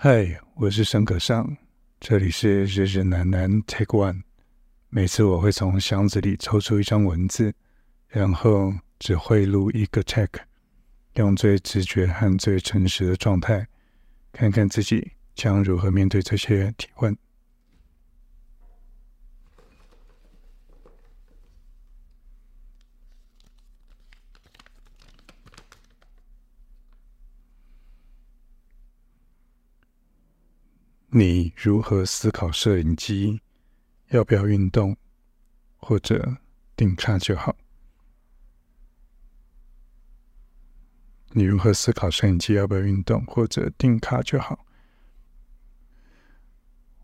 嗨，hey, 我是沈可尚，這裡是日日南南 Take One。每次我會從箱子裡抽出一張文字，然後只會錄一個 Take，用最直覺和最誠實的狀態，看看自己將如何面對這些提問。你如何思考攝影機？要不要運動，或者定卡就好？你如何思考攝影機？要不要運動，或者定卡就好？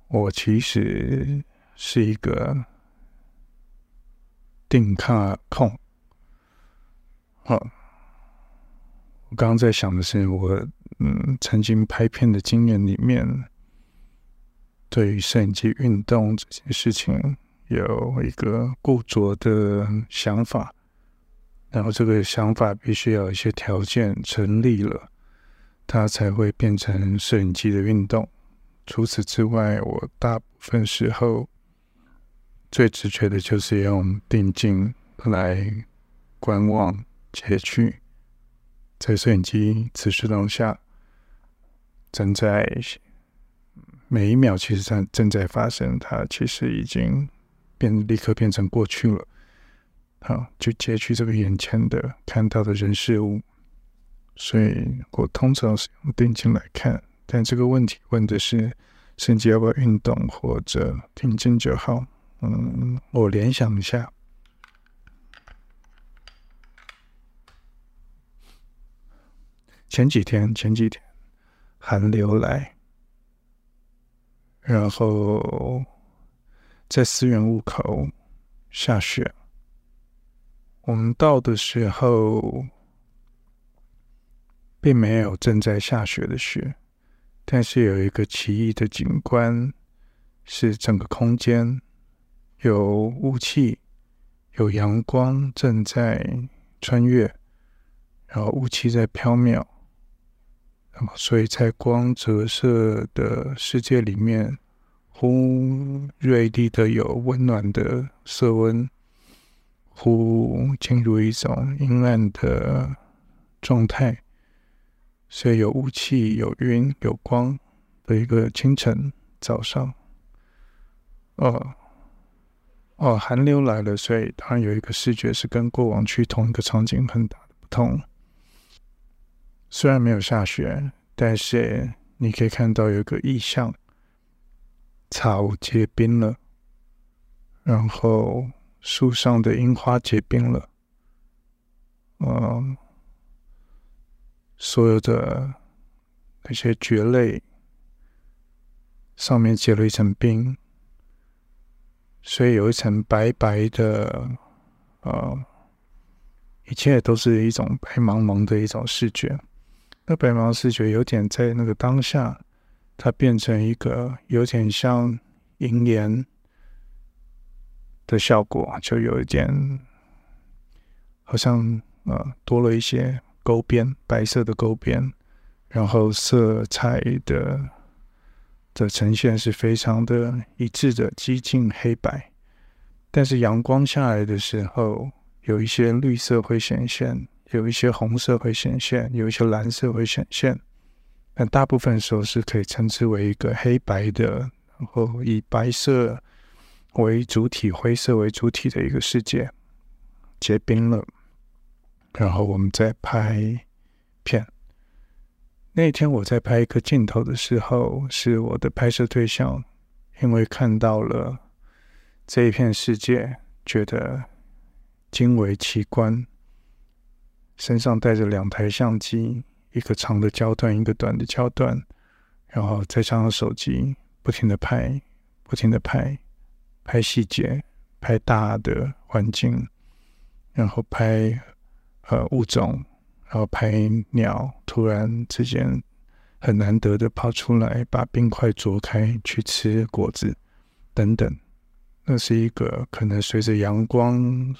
我其實是一個定卡控。好，我剛剛在想的是我，我嗯，曾經拍片的經驗裡面。對於攝影機運動這件事情有一個固着的想法，然後這個想法必須要有一些條件成立了，它才會變成攝影機的運動。除此之外，我大部分時候最直覺的就是用定鏡來觀望截取，在攝影機此時當下正在。每一秒其實它正在發生，它其實已經變立刻變成過去了。好，就截取這個眼前的看到的人事物。所以我通常是用定鏡來看，但這個問題問的是升級要不要運動或者平靜就好。嗯，我聯想一下，前幾天，前幾天寒流來。然後在思源路口下雪。我們到的時候，並沒有正在下雪的雪，但是有一個奇異的景觀，是整個空間有霧氣，有陽光正在穿越，然後霧氣在飄渺。那麼、哦，所以在光折射的世界裡面，忽銳利的有溫暖的色溫，忽進入一種陰暗的狀態，所以有霧氣、有雲、有光的一個清晨早上。哦哦，寒流來了，所以當然有一個視覺是跟過往去同一個場景很大的不同。雖然沒有下雪，但是你可以看到有一個意象，草結冰了，然後樹上的櫻花結冰了，嗯，所有的那些蕨類上面結了一層冰，所以有一層白白的，呃、嗯，一切都是一種白茫茫的一種視覺。那白毛視覺有點在那個當下，它變成一個有點像銀鹽的效果，就有一點好像呃，多了一些勾邊，白色的勾邊，然後色彩的的呈現是非常的一致的，接近黑白。但是陽光下來的時候，有一些綠色會顯現。有一些紅色會顯現，有一些藍色會顯現，但大部分的時候是可以稱之為一個黑白的，然後以白色為主體、灰色為主體的一個世界，結冰了。然後我們再拍片。那天我在拍一個鏡頭的時候，是我的拍攝對象，因為看到了這一片世界，覺得驚為奇觀。身上帶着兩台相機，一個長的焦段，一個短的焦段，然後再加上手機，不停的拍，不停的拍，拍細節，拍大的環境，然後拍呃物種，然後拍鳥，突然之間很難得的跑出來，把冰塊啄開去吃果子等等，那是一個可能隨着陽光。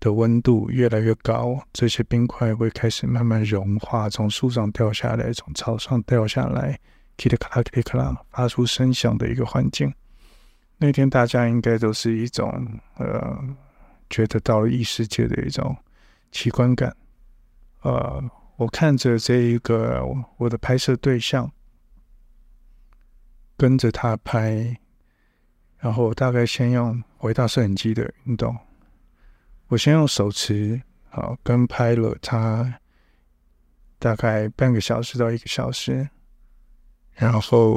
的溫度越來越高，這些冰塊會開始慢慢融化，從樹上掉下來，從草上掉下來，噼里啪啦噼里啪啦，發出聲響的一個環境。那天大家應該都是一種呃，覺得到了異世界的一種奇觀感。呃，我看着這一個我的拍攝對象，跟着他拍，然後我大概先用回到攝影機的運動。我先用手持好跟，拍了他大概半個小時到一個小時，然後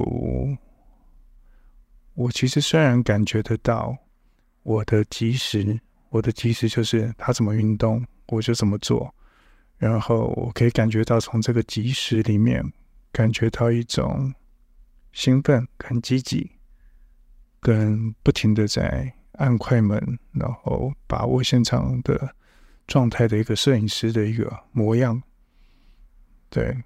我其實雖然感覺得到我的即時，我的即時就是他怎麼運動我就怎麼做，然後我可以感覺到從這個即時裡面感覺到一種興奮、很積極、跟不停的在。按快門，然後把握現場的狀態的一個攝影師的一個模樣。對，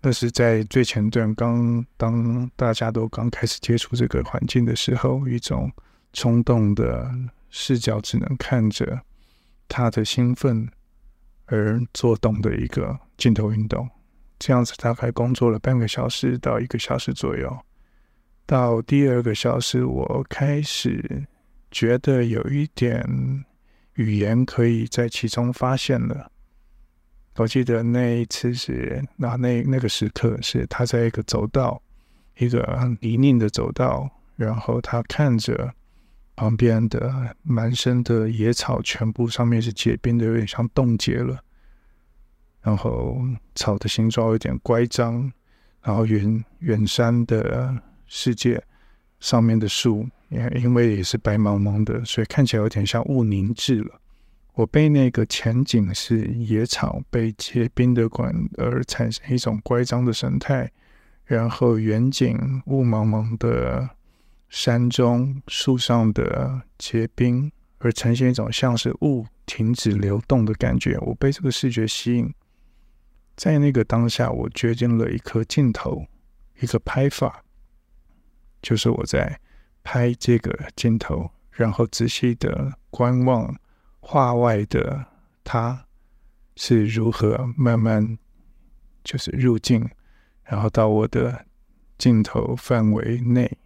那是在最前段，剛當大家都剛開始接觸這個環境的時候，一種衝動的視角，只能看着他的興奮而做動的一個鏡頭運動。這樣子大概工作了半個小時到一個小時左右，到第二個小時我開始。覺得有一點語言可以在其中發現了，我記得那一次是那那那個時刻，是他在一個走道，一個泥濘的走道，然後他看着旁邊的滿身的野草，全部上面是結冰的，有點像凍結了。然後草的形狀有點乖張，然後遠遠山的世界上面的樹。因為也是白茫茫的，所以看起來有點像霧凝滯了。我被那個前景是野草被結冰的管而產生一種乖張的神態，然後遠景霧茫茫的山中樹上的結冰而呈現一種像是霧停止流動的感覺。我被這個視覺吸引，在那個當下，我決定了一顆鏡頭，一個拍法，就是我在。拍這個鏡頭，然後仔細的觀望畫外的他是如何慢慢就是入鏡，然後到我的鏡頭範圍內、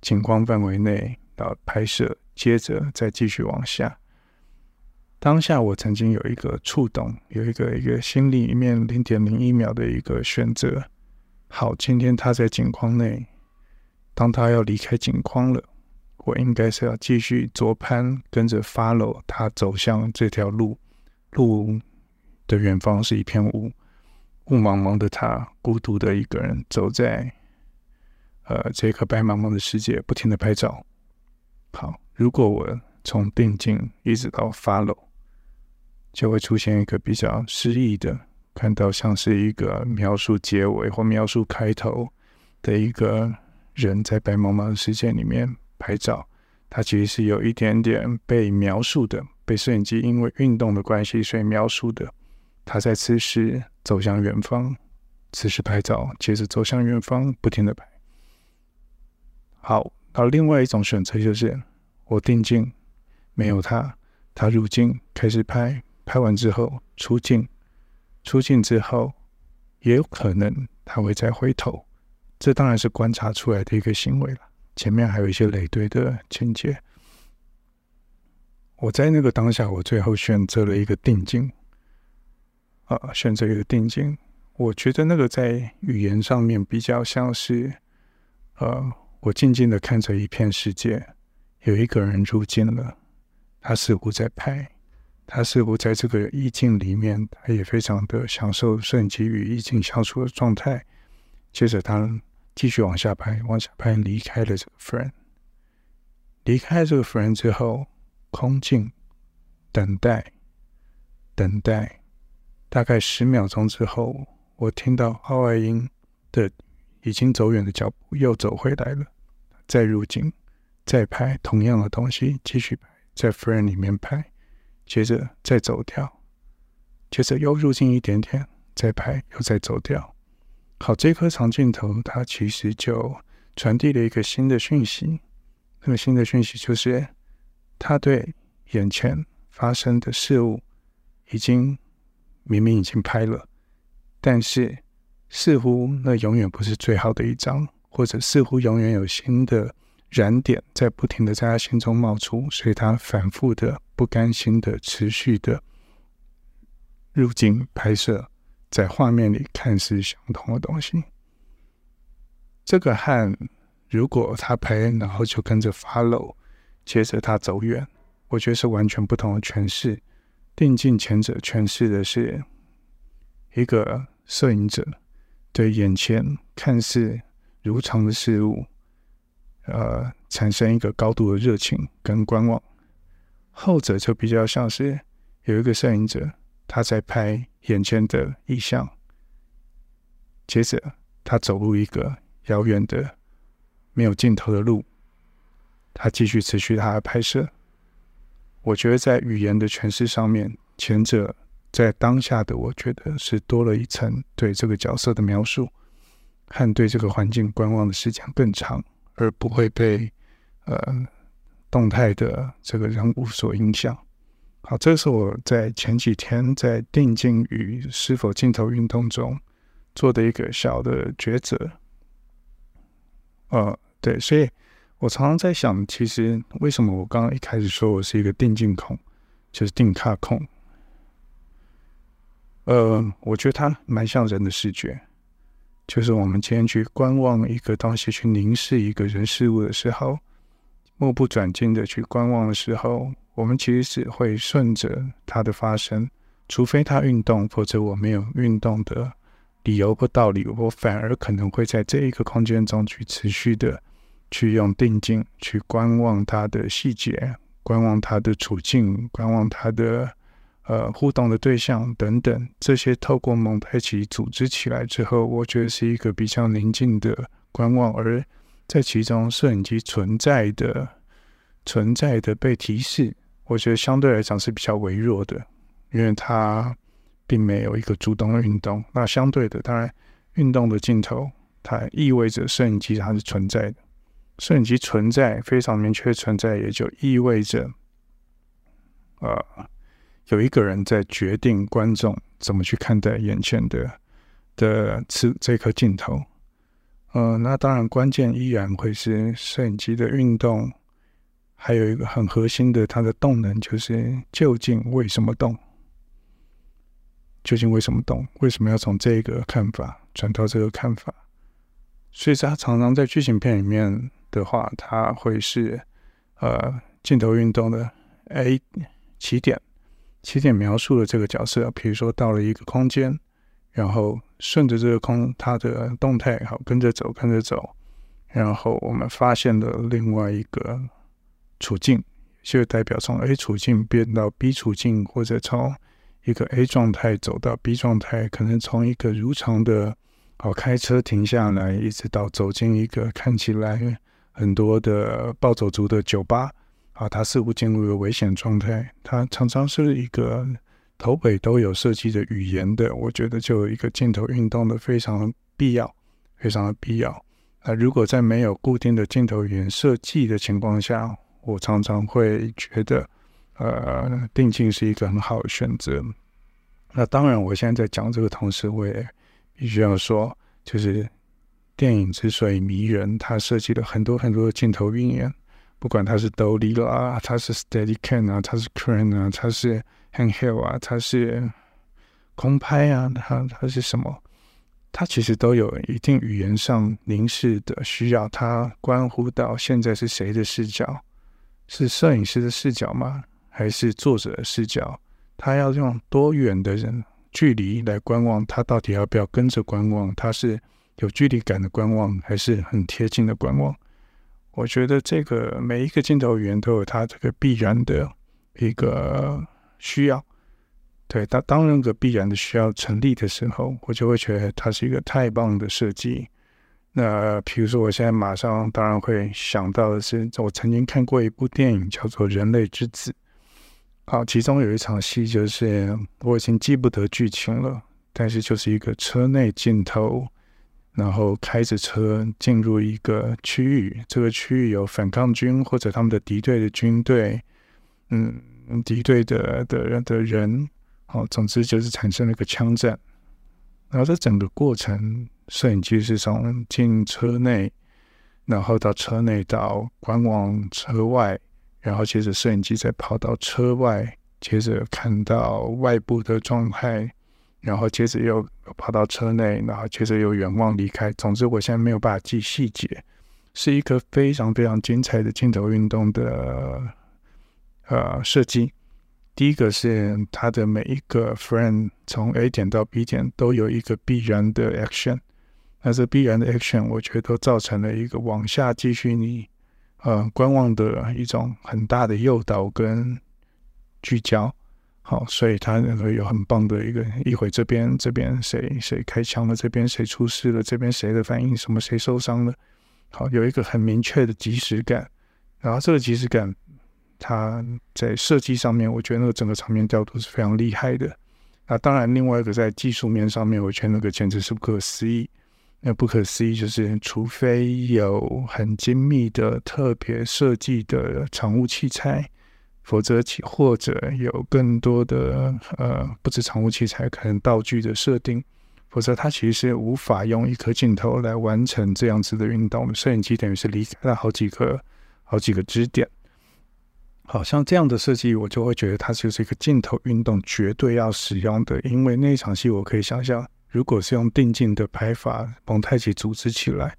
景框範圍內，然後拍攝，接着再繼續往下。當下我曾經有一個觸動，有一個一個心裡面零點零一秒的一個選擇。好，今天他在景框內。當他要離開景框了，我應該是要繼續左攀，跟着 follow 他走向這條路。路的遠方是一片霧，霧茫茫的他，他孤獨的一個人走在呃、這個白茫茫的世界，不停的拍照。好，如果我從定鏡一直到 follow，就會出現一個比較詩意的，看到像是一個描述結尾或描述開頭的一個。人在白茫茫的世界裡面拍照，他其實是有一點點被描述的，被攝影機因為運動的關係，所以描述的。他在此時走向遠方，此時拍照，接着走向遠方，不停的拍。好，那另外一種選擇就是，我定鏡，沒有他，他入鏡開始拍，拍完之後出鏡，出鏡之後，也有可能他會再回頭。這當然是觀察出來的一個行為了。前面還有一些累贅的情節。我在那個當下，我最後選擇了一個定鏡，啊，選擇一個定鏡。我覺得那個在語言上面比較像是，呃，我靜靜的看着一片世界，有一個人入鏡了，他似乎在拍，他似乎在這個意境裡面，他也非常的享受攝影機與意境相處的狀態。接着他，繼續往下拍，往下拍離，離開了這個 frame，離開這個 frame 之後，空鏡，等待，等待，大概十秒鐘之後，我聽到畫外音的已經走遠的腳步又走回來了，再入鏡，再拍同樣的東西，繼續拍，在 frame 裡面拍，接着再走掉，接着又入鏡一點點，再拍，又再走掉。好，這顆長鏡頭，它其實就傳遞了一個新的訊息。那個新的訊息就是，他對眼前發生的事物，已經明明已經拍了，但是似乎那永遠不是最好的一張，或者似乎永遠有新的燃點在不停的在他心中冒出，所以他反覆的不甘心的持續的入鏡拍攝。在畫面裡看似相同的東西，這個漢，如果他拍，然後就跟着 follow，接着他走遠，我覺得是完全不同的詮釋。定鏡前者詮釋的是一個攝影者對眼前看似如常的事物，呃，產生一個高度的熱情跟觀望；後者就比較像是有一個攝影者。他在拍眼前的意象。接着他走入一個遙遠的、沒有盡頭的路，他繼續持續他的拍攝。我覺得在語言的詮釋上面，前者在當下的我覺得是多了一層對這個角色的描述，和對這個環境觀望的時間更長，而不會被呃動態的這個人物所影響。好，這是我在前幾天在定鏡與是否鏡頭運動中做的一個小的抉擇。呃，對，所以我常常在想，其實為什麼我剛剛一開始說我是一個定鏡控，就是定卡控。呃，我覺得它蠻像人的視覺，就是我們今天去觀望一個東西，去凝視一個人事物的時候，目不轉睛的去觀望的時候。我們其實是會順着它的發生，除非它運動，否則我沒有運動的理由或道理。我反而可能會在這一個空間中去持續的去用定鏡去觀望它的細節，觀望它的處境，觀望它的呃互動的對象等等。這些透過蒙太奇組織起來之後，我覺得是一個比較寧靜的觀望，而在其中，攝影機存在的存在的被提示。我覺得相對來講是比較微弱的，因為它並沒有一個主動的運動。那相對的，當然運動的鏡頭，它意味着攝影機它是存在的。攝影機存在非常明確存在，也就意味着，呃，有一個人在決定觀眾怎麼去看待眼前的的這這顆鏡頭。呃，那當然關鍵依然會是攝影機的運動。還有一個很核心的，它的動能就是究竟為什麼動？究竟為什麼動？為什麼要從這個看法轉到這個看法？所以它常常在劇情片裡面的話，它會是呃鏡頭運動的 A 起點，起點描述了這個角色，比如說到了一個空間，然後順着這個空它的動態，好跟着走，跟着走，然後我們發現了另外一個。處境就代表從 A 處境變到 B 處境，或者從一個 A 狀態走到 B 狀態，可能從一個如常的，好開車停下來，一直到走進一個看起來很多的暴走族的酒吧，啊，他似乎進入了危險狀態。他常常是一個頭尾都有設計的語言的，我覺得就一個鏡頭運動的非常必要，非常的必要。那、啊、如果在沒有固定的鏡頭語言設計的情況下，我常常會覺得，呃，定鏡是一個很好的選擇。那當然，我現在在講這個同時，我也必須要說，就是電影之所以迷人，它設計了很多很多的鏡頭語言。不管它是 Dolly 啦，它是 Steadicam 啊，它是 crane 啊，它是 handheld 啊，它是空拍啊，它它是什麼？它其實都有一定語言上凝視的需要。它關乎到現在是誰的視角。是攝影師的視角嗎？還是作者的視角？他要用多遠的人距離來觀望？他到底要不要跟着觀望？他是有距離感的觀望，還是很貼近的觀望？我覺得這個每一個鏡頭語言都有它這個必然的一個需要。對，當當那個必然的需要成立的時候，我就會覺得它是一個太棒的設計。那比如說，我現在馬上當然會想到的是，我曾經看過一部電影叫做《人類之子》。好，其中有一場戲就是，我已經記不得劇情了，但是就是一個車內鏡頭，然後開着車進入一個區域，這個區域有反抗軍或者他們的敵對的軍隊，嗯，敵對的的的人，好，總之就是產生了一個槍戰。然後這整個過程，攝影機是從進車內，然後到車內到觀望車外，然後接着攝影機再跑到車外，接着看到外部的狀態，然後接着又跑到車內，然後接着又遠望離開。總之，我現在沒有辦法記細節，是一個非常非常精彩的鏡頭運動的呃設計。第一個是他的每一個 frame 從 A 點到 B 點都有一個必然的 action，那這必然的 action 我覺得都造成了一個往下繼續你呃觀望的一種很大的誘導跟聚焦，好，所以它會有很棒的一個，一會這邊這邊誰誰開槍了，這邊誰出事了，這邊誰的反應什麼誰受傷了，好，有一個很明確的即時感，然後這個即時感。它在設計上面，我覺得那個整個場面調度是非常厲害的。那當然，另外一個在技術面上面，我覺得那個簡直是不可思議。那不可思議就是，除非有很精密的特別設計的場務器材，否則或者有更多的呃，不止場務器材，可能道具的設定，否則它其實是無法用一顆鏡頭來完成這樣子的運動。我們攝影機等於是離開了好幾個、好幾個支點。好像這樣的設計，我就會覺得它就是一個鏡頭運動，絕對要使用的。因為那一場戲，我可以想象，如果是用定鏡的拍法，蒙太奇組織起來，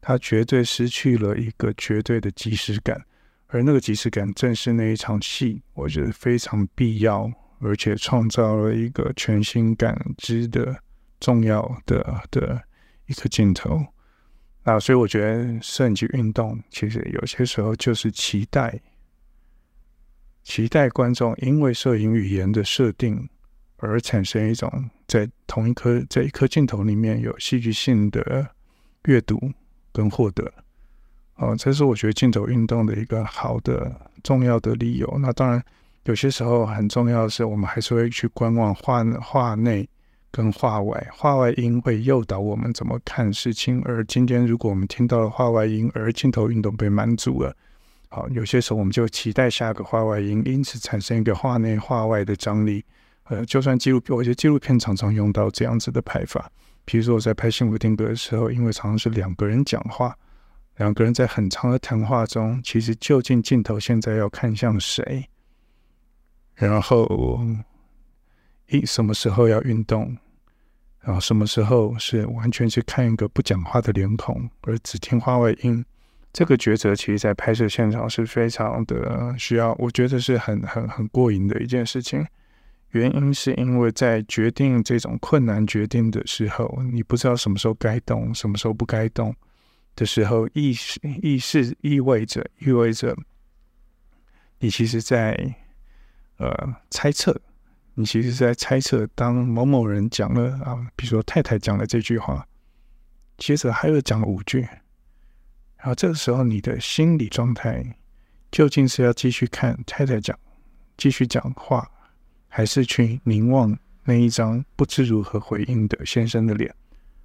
它絕對失去了一個絕對的即時感。而那個即時感，正是那一場戲，我覺得非常必要，而且創造了一個全新感知的重要的的一個鏡頭，啊。那所以我覺得攝影機運動，其實有些時候就是期待。期待觀眾因為攝影語言的設定而產生一種在同一顆，在一顆鏡頭裡面有戲劇性的閱讀跟獲得。哦，這是我覺得鏡頭運動的一個好的重要的理由。那當然，有些時候很重要的是，我們還是會去觀望畫畫內跟畫外，畫外音會誘導我們怎麼看事情。而今天，如果我們聽到了畫外音，而鏡頭運動被滿足了。好，有些時候我們就期待下個畫外音，因此產生一個畫內畫外的張力。呃，就算紀錄片，我覺得紀錄片常常用到這樣子的拍法。比如說我在拍《幸福定格》的時候，因為常常是兩個人講話，兩個人在很長的談話中，其實究竟鏡頭現在要看向誰，然後一什麼時候要運動，然後什麼時候是完全去看一個不講話的臉孔，而只聽畫外音。這個抉擇其實，在拍攝現場是非常的需要，我覺得是很很很過癮的一件事情。原因是因為在決定這種困難決定的時候，你不知道什麼時候該動，什麼時候不該動的時候，意識意識意味着意味着，你其實，在呃猜測，你其實是在猜測，當某某人講了啊，比如說太太講了這句話，接着還有講了五句。而這個時候，你的心理狀態究竟是要繼續看太太講，繼續講話，還是去凝望那一張不知如何回應的先生的臉？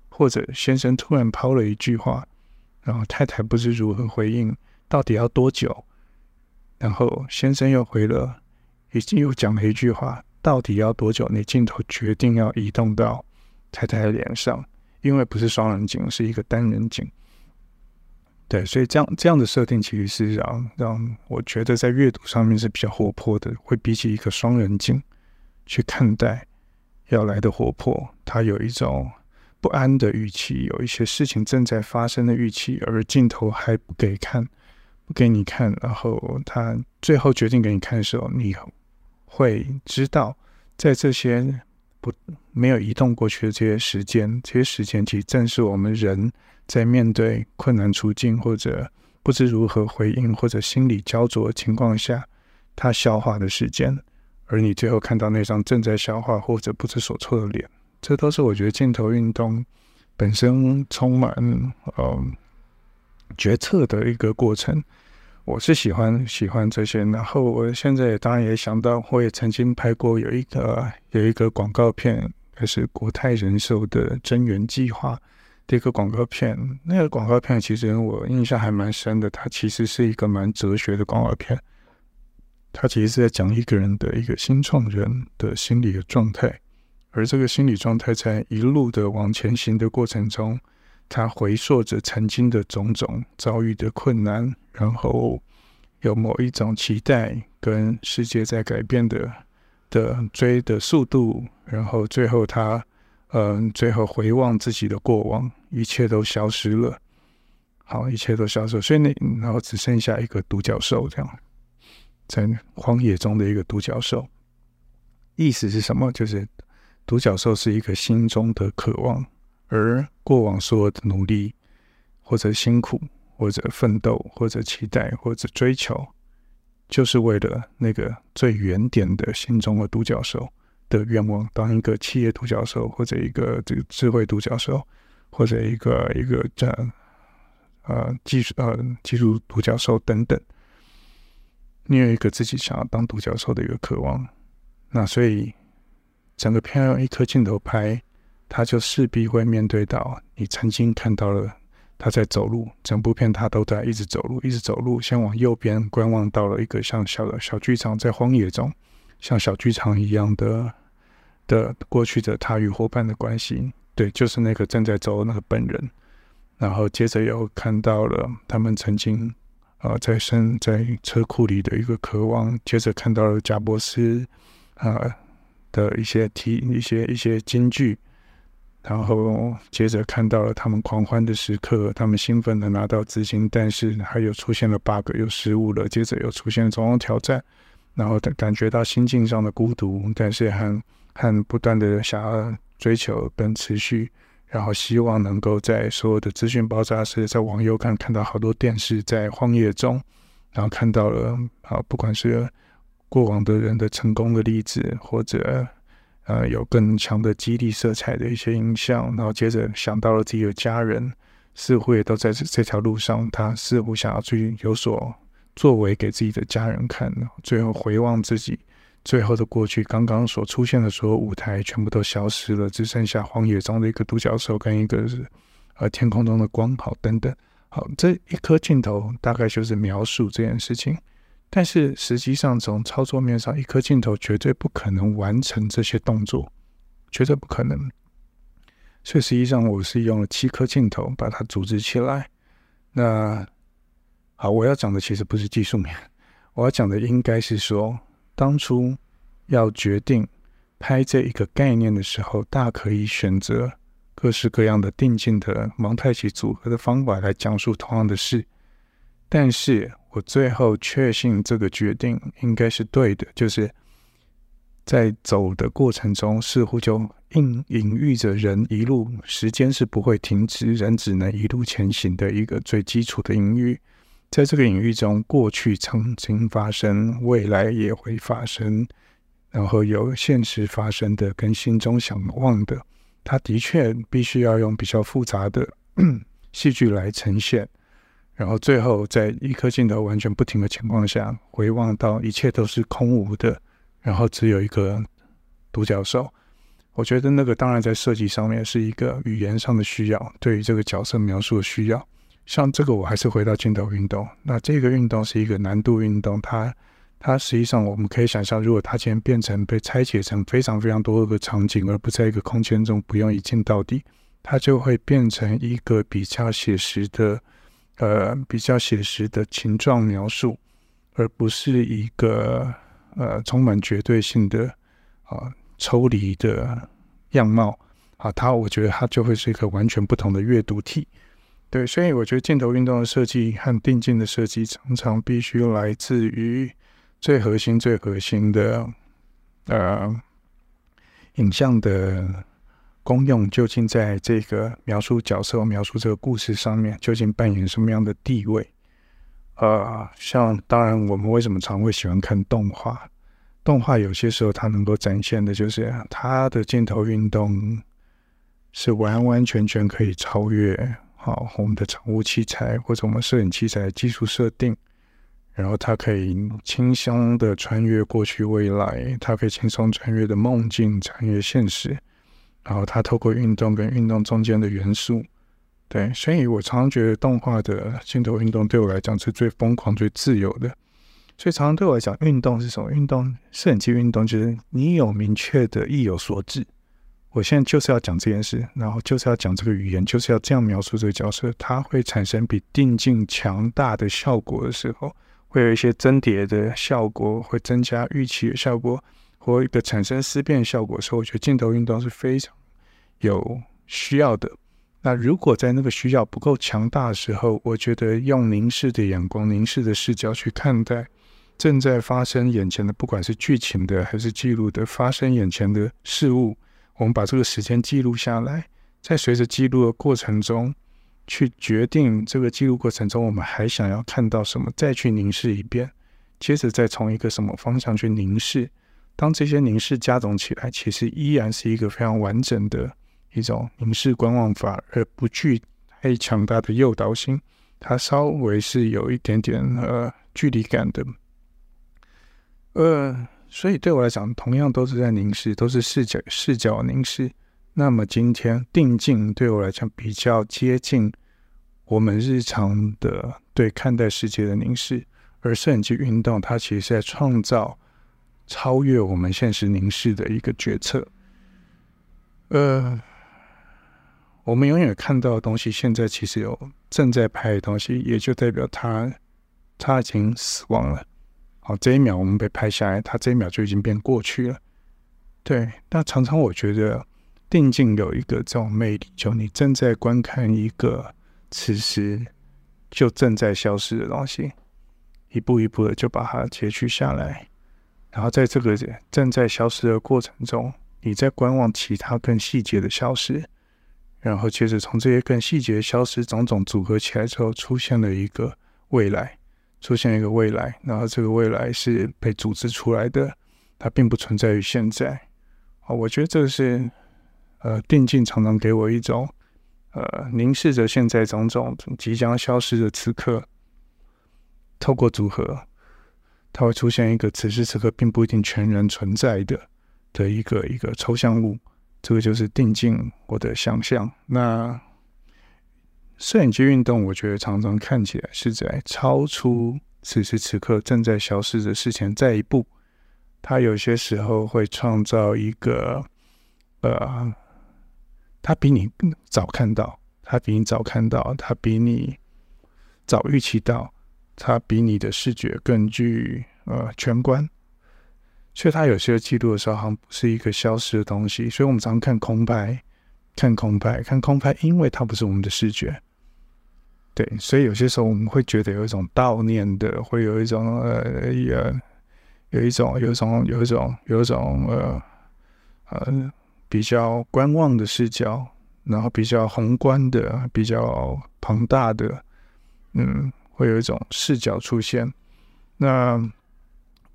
或者先生突然拋了一句話，然後太太不知如何回應，到底要多久？然後先生又回了，已經又講了一句話，到底要多久？你鏡頭決定要移動到太太的臉上，因為不是雙人景，是一個單人景。對，所以這樣這樣的設定其實是讓讓我覺得在閱讀上面是比較活潑的，會比起一個雙人鏡去看待要來的活潑。它有一種不安的預期，有一些事情正在發生的預期，而鏡頭還不給看，不給你看。然後他最後決定給你看的時候，你會知道在這些。不，沒有移動過去的這些時間，這些時間其實正是我們人在面對困難處境，或者不知如何回應，或者心理焦灼的情況下，他消化的時間。而你最後看到那張正在消化或者不知所措的臉，這都是我覺得鏡頭運動本身充滿嗯、呃、決策的一個過程。我是喜歡喜歡這些，然後我現在也當然也想到，我也曾經拍過有一個有一個廣告片，還是國泰人壽的增元計劃的一個廣告片。那個廣告片其實我印象還蠻深的，它其實是一個蠻哲學的廣告片，它其實是在講一個人的一個新創人的心理的狀態，而這個心理狀態在一路的往前行的過程中。他回溯着曾經的種種遭遇的困難，然後有某一種期待，跟世界在改變的的追的速度，然後最後他，嗯，最後回望自己的過往，一切都消失了。好，一切都消失了，所以你然後只剩下一個獨角獸，這樣在荒野中的一個獨角獸，意思是什麼？就是獨角獸是一個心中的渴望。而過往所有的努力，或者辛苦，或者奮鬥，或者期待，或者追求，就是為了那個最原點的心中的獨角獸的願望。當一個企業獨角獸，或者一個這個智慧獨角獸，或者一個一個這、呃、技術呃技術獨角獸等等，你有一個自己想要當獨角獸的一個渴望，那所以整個片要用一顆鏡頭拍。他就勢必會面對到你曾經看到了他在走路，整部片他都在一直走路，一直走路。先往右邊觀望到了一個像小的小劇場在荒野中，像小劇場一樣的的過去的他與夥伴的關係，對，就是那個正在走的那個本人。然後接着又看到了他們曾經呃在身在車庫裡的一個渴望，接着看到了賈伯斯啊的一些提一些一些金句。然後接着看到了他們狂歡的時刻，他們興奮的拿到資金，但是還有出現了 bug，又失誤了。接着又出現了種種挑戰，然後感感覺到心境上的孤獨，但是很很不斷的想要追求跟持續，然後希望能夠在所有的資訊爆炸時，再往右看看到好多電視在荒野中，然後看到了啊，不管是過往的人的成功的例子或者。呃，有更強的激勵色彩的一些印象，然後接着想到了自己的家人，似乎也都在這條路上。他似乎想要去有所作為，給自己的家人看。最後回望自己最後的過去，剛剛所出現的所有舞台全部都消失了，只剩下荒野中的一個獨角獸跟一個呃天空中的光，好等等，好，這一顆鏡頭大概就是描述這件事情。但是實際上，從操作面上，一顆鏡頭絕對不可能完成這些動作，絕對不可能。所以實際上，我是用了七顆鏡頭把它組織起來。那好，我要講的其實不是技術面，我要講的應該是說，當初要決定拍這一個概念的時候，大可以選擇各式各樣的定鏡的蒙太奇組合的方法來講述同樣的事，但是。我最後確信這個決定應該是對的，就是在走的過程中，似乎就隱隱喻着人一路時間是不會停止，人只能一路前行的一個最基礎的隱喻。在這個隱喻中，過去曾經發生，未來也會發生，然後由現實發生的跟心中想望的，它的確必須要用比較複雜的戲劇 來呈現。然後最後，在一顆鏡頭完全不停的情況下，回望到一切都是空無的，然後只有一個獨角獸。我覺得那個當然在設計上面是一個語言上的需要，對於這個角色描述的需要。像這個，我還是回到鏡頭運動。那這個運動是一個難度運動，它它實際上我們可以想象，如果它今天變成被拆解成非常非常多個場景，而不在一個空間中，不用一鏡到底，它就會變成一個比較寫實的。呃，比較寫實的情狀描述，而不是一個呃充滿絕對性的啊、呃、抽離的樣貌啊，它我覺得它就會是一個完全不同的閱讀體。對，所以我覺得鏡頭運動的設計和定鏡的設計，常常必須來自於最核心、最核心的呃影像的功用究竟在這個描述角色、描述這個故事上面，究竟扮演什麼樣的地位？呃，像當然，我們為什麼常會喜歡看動畫？動畫有些時候它能夠展現的就是它的鏡頭運動，是完完全全可以超越好我們的場務器材或者我們攝影器材的技術設定，然後它可以輕鬆地穿越過去、未來，它可以輕鬆穿越的夢境、穿越現實。然後它透過運動跟運動中間的元素，對，所以我常常覺得動畫的鏡頭運動對我來講是最瘋狂、最自由的。所以常常對我來講，運動是什麼？運動，攝影機運動就是你有明確的意有所指。我現在就是要講這件事，然後就是要講這個語言，就是要這樣描述這個角色，它會產生比定鏡強大的效果的時候，會有一些增疊的效果，會增加預期的效果。或一個產生思辨效果的時候，我覺得鏡頭運動是非常有需要的。那如果在那個需要不夠強大的時候，我覺得用凝視的眼光、凝視的視角去看待正在發生眼前的，不管是劇情的還是記錄的，發生眼前的事物，我們把這個時間記錄下來，再隨着記錄的過程中，去決定這個記錄過程中我們還想要看到什麼，再去凝視一遍，接着再從一個什麼方向去凝視。當這些凝視加總起來，其實依然是一個非常完整的一種凝視觀望法，而不具太強大的誘導性。它稍微是有一點點呃距離感的。呃，所以對我來講，同樣都是在凝視，都是視角視角凝視。那麼今天定鏡對我來講比較接近我們日常的對看待世界的凝視，而攝影機運動它其實是在創造。超越我們現實凝視的一個決策。呃，我們永遠看到的東西，現在其實有正在拍的東西，也就代表它它已經死亡了。好，這一秒我們被拍下來，它這一秒就已經變過去了。對，那常常我覺得定鏡有一個這種魅力，就你正在觀看一個此時就正在消失的東西，一步一步的就把它截取下來。然後在這個正在消失的過程中，你在觀望其他更細節的消失，然後接着從這些更細節消失種種組合起來之後，出現了一個未來，出現一個未來，然後這個未來是被組織出來的，它並不存在於現在。啊，我覺得這是，呃，定鏡常常給我一種，呃，凝視着現在種種即將消失的此刻，透過組合。它會出現一個此時此刻並不一定全然存在的的一個一個抽象物，這個就是定鏡或者想象。那攝影機運動，我覺得常常看起來是在超出此時此刻正在消失的事情再一步。它有些時候會創造一個，呃，它比你早看到，它比你早看到，它比你早預期到。它比你的視覺更具呃，全觀，所以它有些記錄的時候，好像不是一個消失的東西。所以我們常常看空白，看空白，看空白，因為它不是我們的視覺，對。所以有些時候我們會覺得有一種悼念的，會有一種呃，有一種有一種有一種有一種呃呃比較觀望的視角，然後比較宏觀的，比較龐大的，嗯。會有一種視角出現，那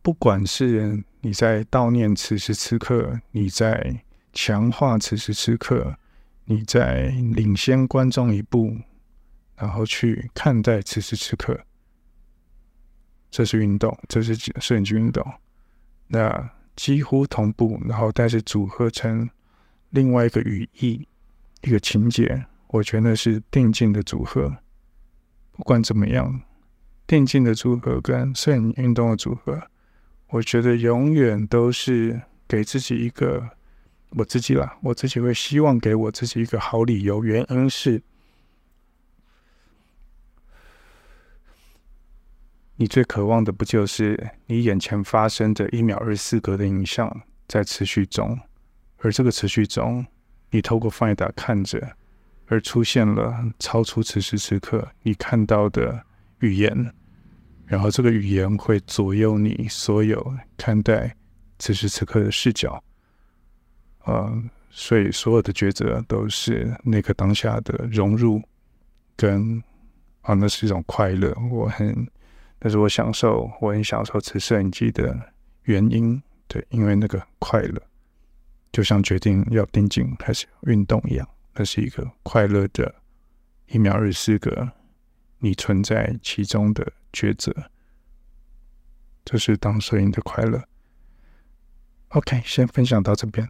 不管是你在悼念此時此刻，你在強化此時此刻，你在領先觀眾一步，然後去看待此時此刻，這是運動，這是攝影機運動，那幾乎同步，然後但是組合成另外一個語義，一個情節，我覺得是定鏡的組合。不管怎麼樣，定鏡的組合跟攝影運動的組合，我覺得永遠都是給自己一個我自己啦，我自己會希望給我自己一個好理由。原因是你最渴望的不就是你眼前發生的一秒二十四格的影像在持續中，而這個持續中，你透過 finder 看着。而出現了超出此時此刻你看到的語言，然後這個語言會左右你所有看待此時此刻的視角。嗯，所以所有的抉擇都是那個當下的融入跟啊，那是一種快樂。我很，但是我享受，我很享受，此攝影機的原因，對，因為那個快樂，就像決定要定鏡還是運動一樣。它是一個快樂的一秒二十四格，你存在其中的抉擇，這，就是當攝影的快樂。OK，先分享到這邊。